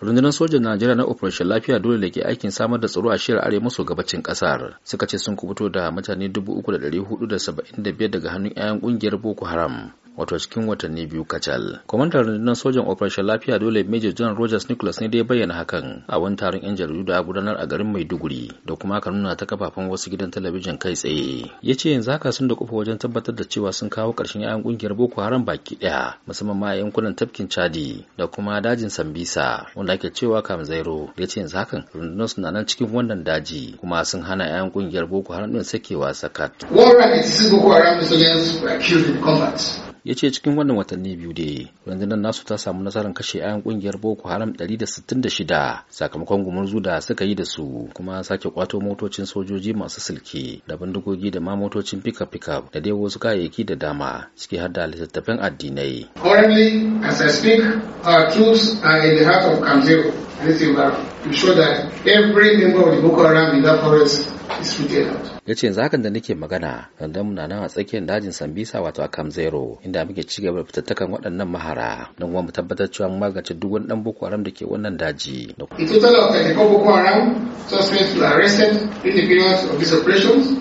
rundunar sojan najeriya na operation lafiya dole da ke aikin samar da tsaro a shirar arewa maso gabacin kasar suka ce sun kubuto da mutane 3,475 daga hannun 'yan kungiyar boko haram wato cikin watanni biyu kacal. Kwamandan rundunar sojan Operation Lafiya dole Major John Rogers Nicholas ne dai bayyana hakan a wani taron 'yan jaridu da gudanar a garin Maiduguri da kuma aka nuna ta kafafen wasu gidan talabijin kai tsaye. Ya ce yanzu haka sun da kufa wajen tabbatar da cewa sun kawo ƙarshen 'ya'yan ƙungiyar Boko Haram baki ɗaya musamman ma a yankunan tafkin Chadi da kuma dajin Sambisa wanda ake cewa Kam Zairo, ya ce yanzu hakan rundunar suna nan cikin wannan daji kuma sun hana 'ya'yan ƙungiyar Boko Haram ɗin sakewa sakat. ya ce cikin wannan watanni biyu da rundunar nasu ta samu nasarar kashe ayan kungiyar boko haram 166 sakamakon gumurzu da suka yi da su kuma sake kwato motocin sojoji masu silki da bindigogi da ma motocin pika-pika da dai wasu kayayyaki da dama ciki har da littattafan addinai. Currently, as I speak, our troops are in the heart of Kamzero, to show that every member of the Boko Haram in that forest Yace kenan yanzu hakan da nake magana sandan muna nan a tsakiyar dajin sambisa wato a Zero, inda muke ci gaba da fitattakan waɗannan mahara don kuma mu tabbatar cewa magance duk wani dan boko haram da ke wannan daji in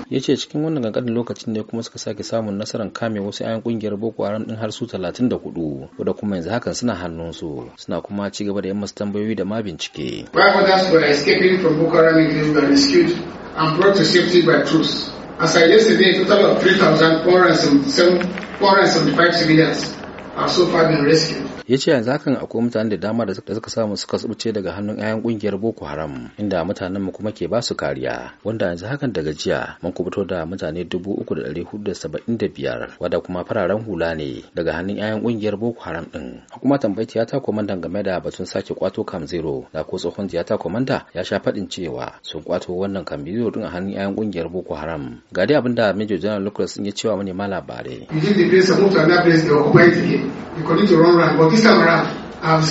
ya ce cikin wannan kankanin lokacin ne kuma suka sake samun nasarar kame wasu 'yan kungiyar boko haram din har su 34 wadda kuma yanzu hakan suna hannunsu suna kuma ci gaba da yan masu tambayoyi da ma bincike. others were escaping from Boko Haram rescued and brought to safety by troops. As I yesterday, a total of 3,475 civilians have so far been rescued. ya ce yanzu hakan akwai mutane da dama da suka samu suka tsurce daga hannun 'ya'yan kungiyar boko haram inda mutanen mu kuma ke ba su kariya wanda yanzu hakan daga jiya mun kubuto da mutane dubu uku da ɗari hudu da saba'in da biyar wanda kuma fararen hula ne daga hannun 'ya'yan kungiyar boko haram din kuma tambayi tiyata komanda game da batun sake kwato kam zero da ko tsohon ta komanda ya sha faɗin cewa sun kwato wannan kam biyu din a hannun 'ya'yan kungiyar boko haram ga dai abinda da major general lucas ya cewa manema labarai. 你上不 Um,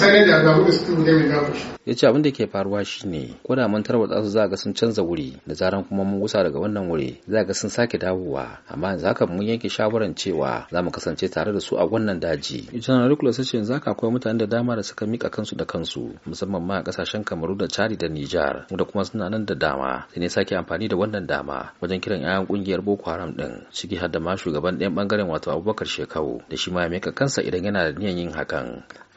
ya ce abin da ke faruwa shine ko da mun tarwatsa su za ga sun canza wuri da zaran kuma mun gusa daga wannan wuri za ga sun sake dawowa amma yanzu haka mun yanke shawaran cewa za mu kasance tare da su a wannan daji janar nicholas sace yanzu haka akwai mutane da dama da suka mika kansu da kansu musamman ma a kasashen kamaru da chari da nijar da kuma suna nan da dama sai ne sake amfani da wannan dama wajen kiran yayan kungiyar boko haram din ciki har da ma shugaban ɗayan bangaren wato abubakar shekau da shi ma ya mika kansa idan yana da niyan yin hakan